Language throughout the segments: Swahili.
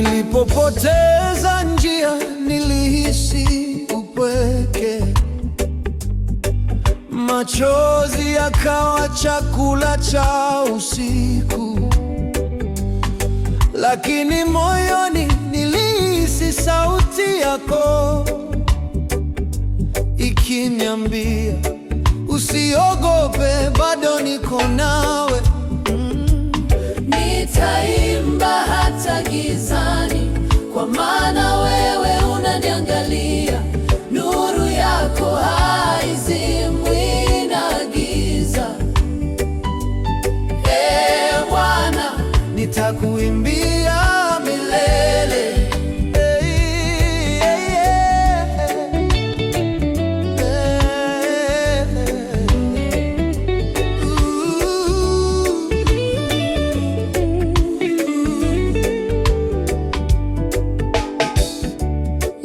Nilipopoteza njia nilihisi upweke, machozi yakawa chakula cha usiku, lakini moyoni nilihisi sauti yako ikiniambia, usiogope, bado niko nawe. mm gizani, kwa maana wewe unaniangalia, nuru yako haizimwi na giza. Ee Bwana, nitakuimbia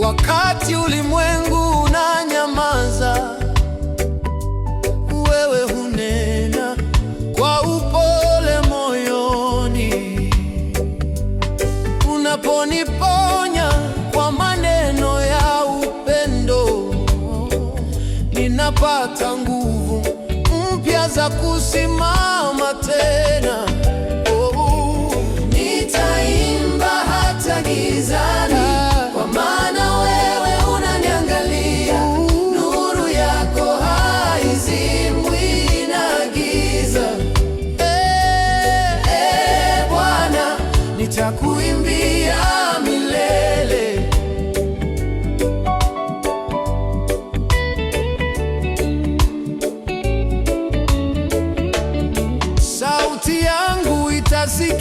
Wakati ulimwengu unanyamaza, wewe hunena kwa upole moyoni, unaponiponya kwa maneno ya upendo, ninapata nguvu mpya za kusimama tena.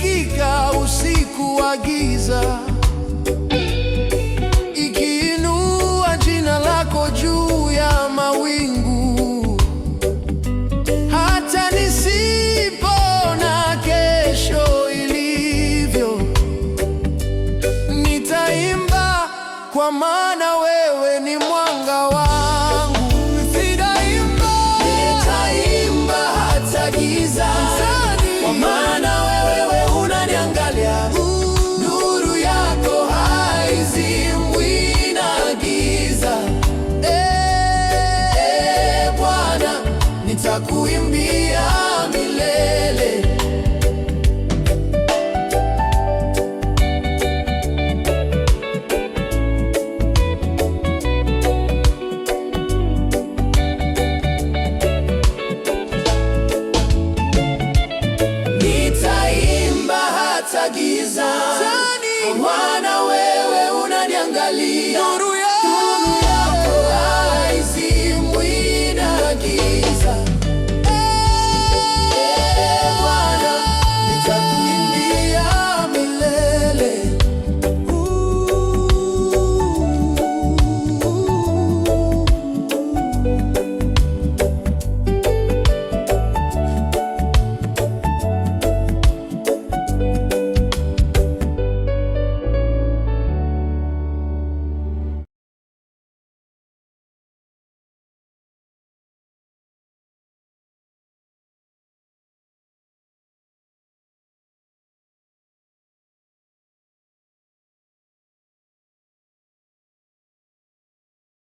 ikifika usiku wa giza, ikiinua jina lako juu ya mawingu, hata nisipona kesho ilivyo, nitaimba kwa maana wewe ni mwanga wa giza, hawana